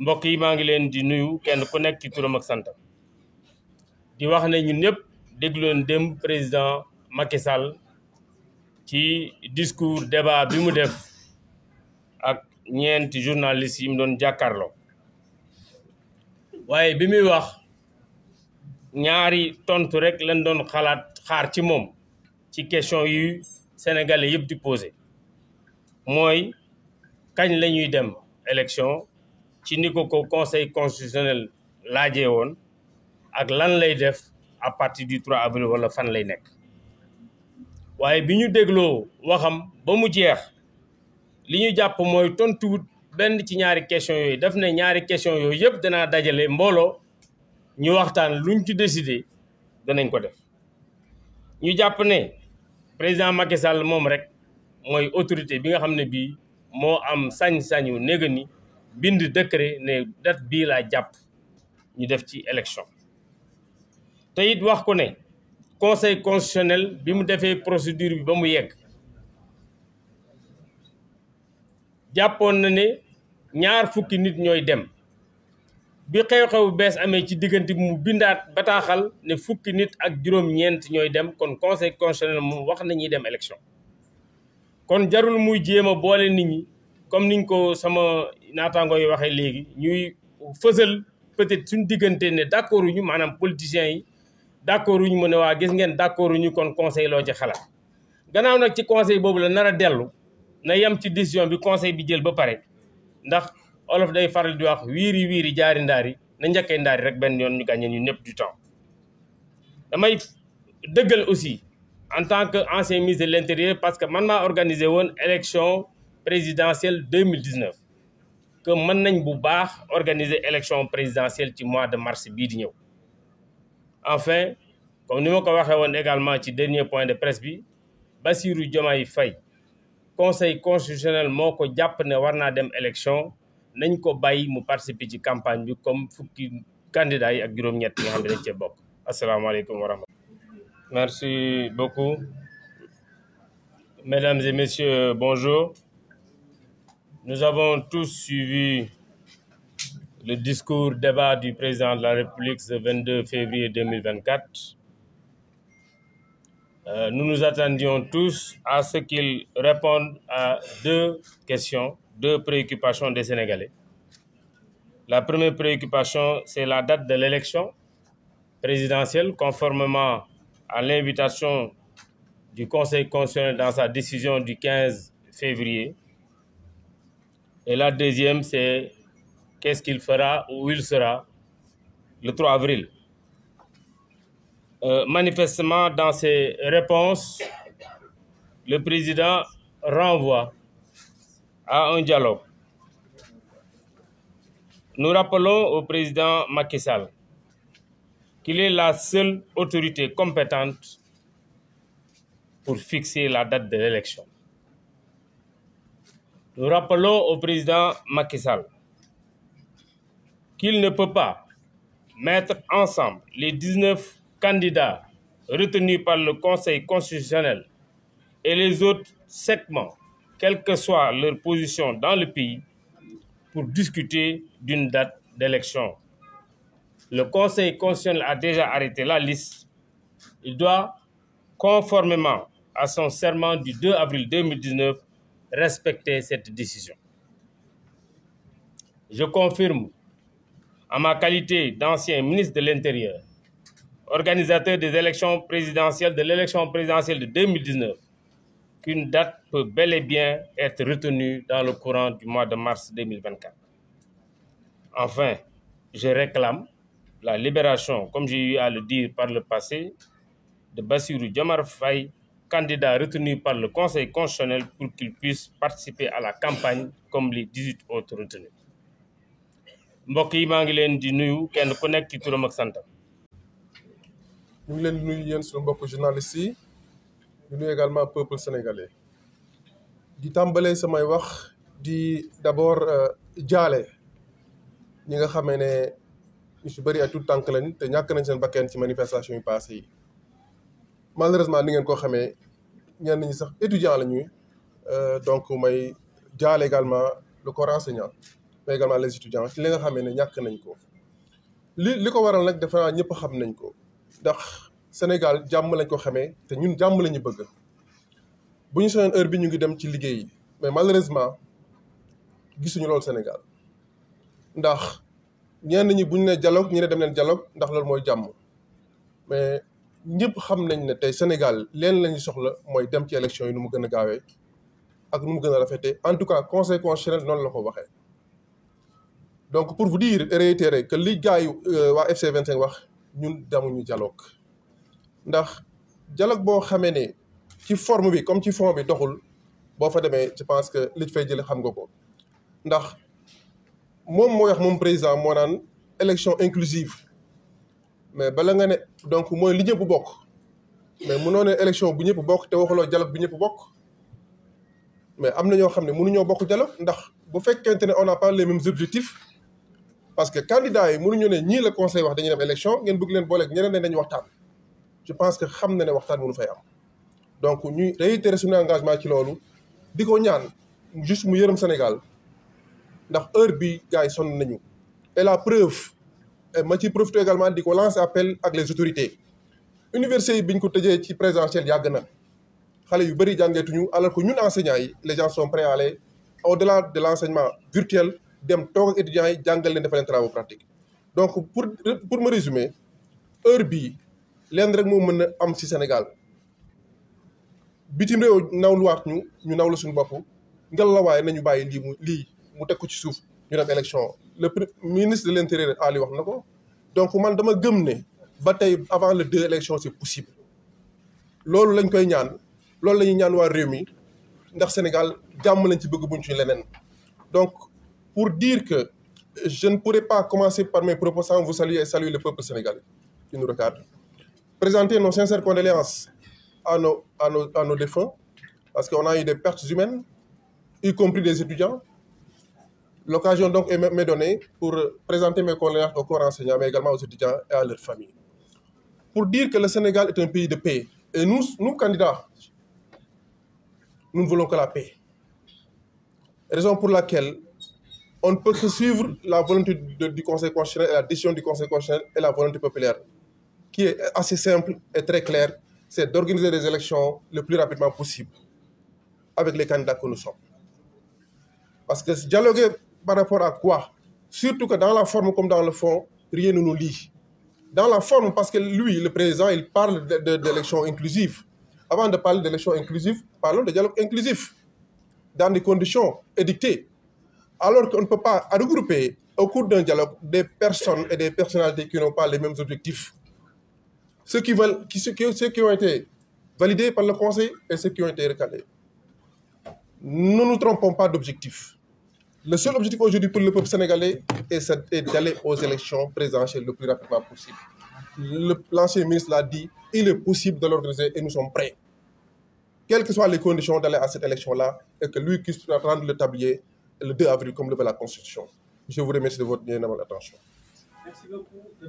mbokk yi maa ngi leen di nuyu kenn ku nekk ci turam ak santam di wax ne ñun ñëpp dégluwoon dem président Macky Sall ci discours débat bi mu def ak ñeenti journalistes yi mu doon jàkkaarloo waaye bi muy wax ñaari tontu rek lañ doon xalaat xaar ci moom ci question yu sénégalais yëpp di posé mooy kañ lañuy dem élection ci niko ko ko conseil constitutionnel laajee woon ak lan lay def à partir du trois avril wala fan lay nekk waaye bi ñu dégloo waxam ba mu jeex li ñu jàpp mooy tontuwut benn ci ñaari question yooyu def ne ñaari question yooyu yëpp danaa dajalee mbooloo ñu waxtaan luñ ci décidé danañ ko def ñu jàpp ne président Macky moom rek mooy autorité bi nga xam ne bii moo am sañ-sañu néega ni bind décret ne date bii laa jàpp ñu def ci élection te it wax ko ne conseil constitutionnel bi mu defee procédure bi ba mu yegg jàppoon na ne ñaar fukki nit ñooy dem bi xew-xew bees amee ci diggante mu bindaat bataaxal ne fukki nit ak juróom-ñeent ñooy dem kon conseil constitutionnel moom wax nañuy dem élection kon jarul muy jéem boole nit ñi. comme niñ ko sama naataango yi waxee léegi ñuy fësal peut-être suñ diggante ne d'accord ñu maanaam politiciens yi d'accord ñu mu ne waa gis ngeen d'accord ñu kon conseil loo ci xalaat gannaaw nag ci conseil boobu la nar a dellu na yem ci décision bi conseil bi jël ba pare ndax olof day faral di wax wiiri wiiri jaari ndaari na njëkkee ndaari rek benn yoon ñu gàññe ñu ñëpp du temps damay dëggal aussi en tant que ancien ministre de l'intérieur parce que man maa organisé woon élection présidentielle deux mille dix neuf que mën nañ bu baax organiser élection présidentielle ci mois de mars bii di ñëw enfin comme ni ma ko waxee woon également ci dernier point de presse bi Bassirou Diomaye Faye conseil constitutionnel moo ko jàpp ne war naa dem élection nañ ko bàyyi mu participer ci campagne bi comme fukki candidats yi ak juróom-ñett yi nga bokk asalaamaaleykum wa rahmatulah. merci mesdames et messieurs bonjour. Nous avons tous suivi le discours débat du président de la République ce 22 février 2024. Euh, nous nous attendions tous à ce qu'il à deux questions, deux préoccupations des Sénégalais. La première préoccupation, c'est la date de l'élection présidentielle, conformément à l'invitation du Conseil constitutionnel dans sa décision du 15 février Et la deuxième, c'est qu'est-ce qu'il fera, où il sera le 3 avril. Euh, manifestement, dans ses réponses, le président renvoie à un dialogue. Nous rappelons au président Macky Sall qu'il est la seule autorité compétente pour fixer la date de l'élection. Nous rappelons au président Macky Sall qu'il ne peut pas mettre ensemble les 19 candidats retenus par le Conseil constitutionnel et les autres segments, quelle que soit leur position dans le pays, pour discuter d'une date d'élection. Le Conseil constitutionnel a déjà arrêté la liste. Il doit, conformément à son serment du 2 avril 2019, respecter cette décision. Je confirme, en ma qualité d'ancien ministre de l'Intérieur, organisateur des élections présidentielles, de l'élection présidentielle de 2019, qu'une date peut bel et bien être retenue dans le courant mois de mars 2024. Enfin, je réclame la libération, comme j'ai eu à par le passé, de Bassirou Djamar candidats retenus par le Conseil constitutionnel pour qu'ils puissent participer à la campagne comme les 18 autres retenus mbokk yi maa ngi leen di nuyu kenn ku nekk ci turam ak santam ngi leen di nuyu yéen suñu mbokk journaliste yi ñu nuyu également di tàmbalee samay wax di d'abord euh, jaale ñi nga xamee ne ñu si bëri ay tout tànk lañ te ñàkk nañ seen kenn ci manifestation yi passé yi malheureusement ni ngeen ko xamee ñenn nañu sax étudiant la ñuy euh, donc may jaal également le corps enseignant mais également les li nga xamee ne ñàkk nañ ko li li ko waral nag defe naa ñëpp xam nañ ko ndax Sénégal jàmm lañ ko xamee te ñun jàmm la ñu bëgg bu ñu soxleen heure bi ñu ngi dem ci liggéey yi mais malheureusement gisuñu loolu Sénégal ndax ñenn nañu bu ñu ne dialogue ñu dem leen dialogue ndax loolu mooy jàmm mais ñëpp xam nañ ne tey Sénégal leen lañu soxla mooy dem ci élection yi nu mu gën a gaawee ak nu mu gën a rafetee en tout cas conseil constitutionnel noonu la ko waxee donc pour vous dire et que li gars euh, waa FC 25 wax ñun demuñu dialogue ndax dialogue boo xamee ne ci forme bi comme ci fond bi doxul boo fa demee je pense que li fay jële xam nga ko ndax moom moo wax moom président moo naan élection inclusive mais bala nga ne donc mooy li ñëpp bokk mais mënoo ne élection bu ñëpp bokk te waxuloo dialogue bi ñëpp bokk mais am na ñoo xam ne mënuñoo bokk dialogue ndax bu fekkente ne on n'a pas les mêmes objectifs parce que candidats yi mënuñu ne ñii la conseil wax dañu dem élection ngeen bëgg leen booleeg ñeneen ne dañu waxtaan je pense que xam na ne waxtaan mënu fay am donc ñuy réitérer suñu engagement ci loolu di ko ñaan juste mu yërëm Sénégal ndax heure bi gars yi sonn nañu et la preuve ma ciy profité également di ko lancer appel ak les autorités université yi bi ñu ko tëjee ci présentiel yàgg na xale yu bëri jàngeetuñu alors que ñun enseignants yi les gens sont prêts à aller au-delà de l'enseignement virtuel dem toog ak étudiants yi jàngal leen defal leen travaux donc pour pour me résumer heure bii leen rek moo mën a am ci Sénégal bitim réew nawluwaat ñu ñu nawlu suñu bopp ngelaw la waaye nañu bàyyi lii mu lii mu teg ko ci suuf ñu dem élection le ministre de l'intérieur Ali wax na ko donc man dama gëm ne ba tey avant le deux élections c'est possible loolu lañ koy ñaan loolu la ñuy ñaan waa réew mi ndax Sénégal jàmm lañ ci bëgg buñ ci leneen donc pour dire que je ne pourrais pas commencer par mes propos sans vous saluer et saluer le peuple sénégalais qui nous regarde présenter nos sincères condoléances à no à nos à nos défunts parce qu'on a eu des pertes humaines y compris des étudiants L'occasion donc m'est donnée pour présenter mes condoléances au corps enseignant, mais également aux étudiants et à leurs familles. Pour dire que le Sénégal est un pays de paix, et nous, candidats, nous ne voulons que la paix. Raison pour laquelle on ne peut que suivre la volonté de, du Conseil constitutionnel et la décision du Conseil constitutionnel et la volonté populaire, qui est assez simple et très claire, c'est d'organiser des élections le plus rapidement possible avec les candidats par rapport à quoi Surtout que dans la forme comme dans le fond, rien ne nous lie. Dans la forme, parce que lui, le président, il parle d'élection inclusive. Avant de parler d'élection inclusive, parlons de dialogue inclusif, dans des conditions édictées. Alors qu'on ne peut pas regrouper au cours d'un dialogue des personnes et des personnalités qui n'ont pas les mêmes objectifs. Ceux qui, veulent, qui, ceux, qui, ceux qui ont par le Conseil et ceux qui ont été recalés. ne nous trompons pas d'objectifs. Le seul objectif aujourd'hui pour le peuple sénégalais est, d'aller aux élections présidentielles le plus rapidement possible. L'ancien ministre l'a dit, il est possible de l'organiser et nous sommes prêts. Quelles que soient les conditions d'aller à cette élection-là, et que lui qui sera rendre le tablier le avril comme le veut la Constitution. Je vous remercie de votre bien attention. Merci beaucoup.